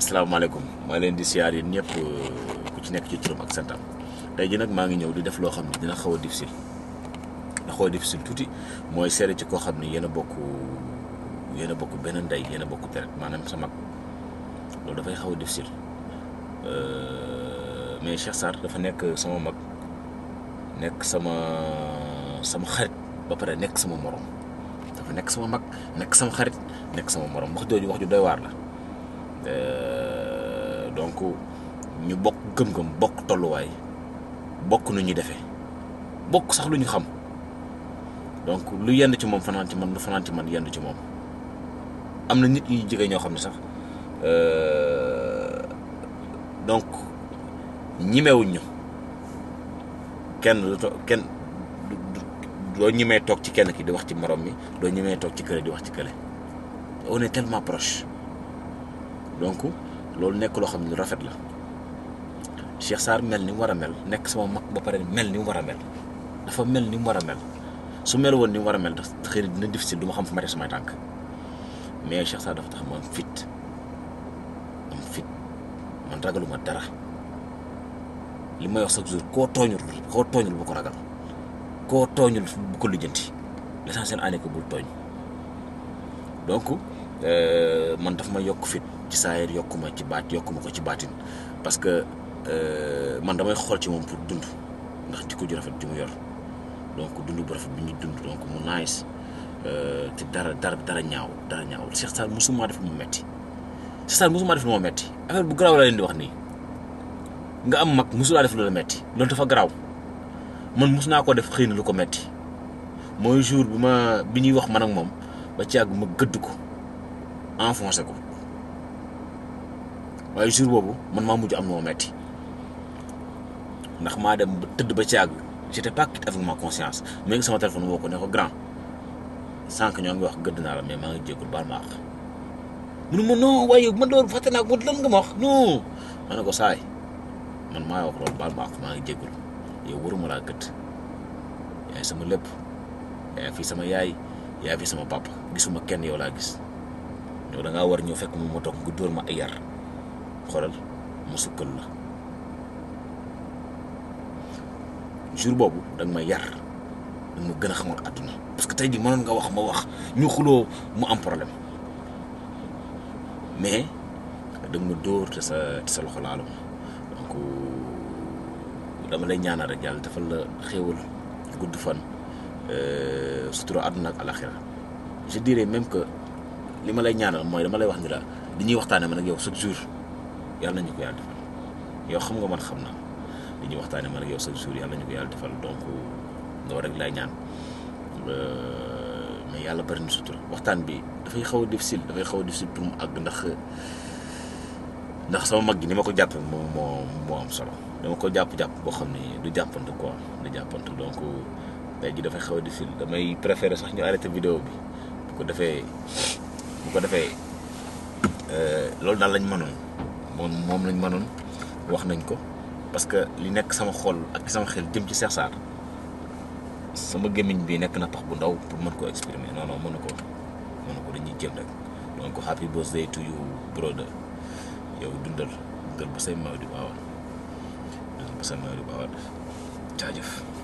asalaamaaleykum maa leen di siyaar yéen ñëpp euh, ku ci nekk ci turam ak santam tey ji nag maa ngi ñëw di def loo xam ne dina xaw a difficile dina xaw a difficile tuuti mooy seere ci koo xam ne yéen a bokk yéen a bokk benn ndey yéen a bokk deret maanaam sa mag loolu dafay xaw a difficile euh, mais Cheikh Sarr dafa nekk sama mag nekk sama sama xarit ba pare nekk sama moroom dafa nekk sama mag nekk sama xarit nekk sama morom wax jooju wax ju doy waar la Euh, donc ñu bokk gëm-gëm bokk tolluwaay bokk nu ñuy defe bokk sax lu ñu xam donc lu yenn ci moom fanaan ci man lu fanaan ci man yenn ci moom am na nit ñu jege ñoo xam ne sax euh, donc ñimewuñ ñu kenn du kenn doo ñimee toog ci kenn ki di wax ci morom mi doo ñimee toog ci kële di wax ci kële on ne tellement proche donc loolu nekk loo xam ne lu rafet la Cheikh Sarr mel ni mu war a mel nekk sama mag ba pare mel ni mu war a mel dafa mel ni mu war a mel su mel woon ni mu war a mel dafa xëy na dina difficile du ma xam fu ma def samay tànk mais Cheikh Sarr dafa tax ma am fit am fit man ragaluma dara li may wax chaque jour koo tooñul koo tooñul bu ko ragal koo tooñul bu ko lijjanti l'essentiel ànd ko bul tooñ donc. Euh, man daf ma yok fit ci saayir yokuma ma ci baat yokku ma ko ci baatin parce que euh, man damay dundu ci moom pour dund ndax jikko ju rafet ji mu yor donc dund bu rafet bi ñuy dund donc mu nice euh, te dara dara dara ñaaw dara ñaaw Cheikh sal musuma def mu metti Cheikh sal musuma def lu metti affaire bu garaaw la leen di wax nga am def la metti dafa man mus ko def xëy lu ko metti mooy jour bi ma wax man ak ba ci àgg ma gëdd ko enfoncé ko waaye jour boobu man maa mujj am na metti ndax maa dem ba tëdd ba caag j'étais pas quitte avec ma conscience mais ngi sama téléphone woo ko ne ko grand sànq ñoo ngi wax gëdd naa la mais maa ngi jéggul baal ma àq munu ma non waaye man loolu fàtte naa ko lan nga ma wax non ma ne ko saay man maa wax loolu baal ma maa ngi jéggul yow waruma laa gëdd yaay sama lépp yaay fii sama yaay yaay fii sama papa gisuma kenn yow laa gis yow da ngaa war ñëw fekk moom ma toog nga dóor ma ay yar xoolal mu sukkal la jour boobu da may yar da ma gën a xamal àdduna parce que tey jii mënoon nga wax ma wax ñu xuloo mu am problème mais da nga ma dóor te sa te sa loxo laalum donc dama lay ñaanal rek yàlla defal la xéewal gudd fan euh, sutura àdduna ak alaxira je que. li ma lay ñaanal mooy dama lay wax ni la di ñuy waxtaane man ak yow chaque jour yàlla nañu ko yàlla defal yow xam nga man xam naa li ñuy waxtaane man ak yow chaque jour yàlla nañu ko yàlla defal donc loolu rek laay ñaan euh, mais yàlla bari na sutura waxtaan bi dafay xaw a difficile dafay xaw a difficile pour mu àgg ndax ndax sama mag gi ni ma ko jàppe moom moo moo am solo dama ko jàpp-jàpp boo xam ne du jàppante quoi du jàppante donc tey ji dafay xaw a difficile damay préférer sax ñu arrêté vidéo bi bu ko defee bu ko defee euh, loolu daal lañ mënoon moom moom lañ mënoon wax nañ ko parce que li nekk sama xol ak sama xel jëm ci Cheikh sama gémmiñ bi nekk na tax bu ndaw pour mën koo exprimer non non mënu ko mënu ko dañuy jëm rek donc happy birthday to you brother yow dundal dundal ba say maw di baawaan dundal ba say maw di baawaan jaajëf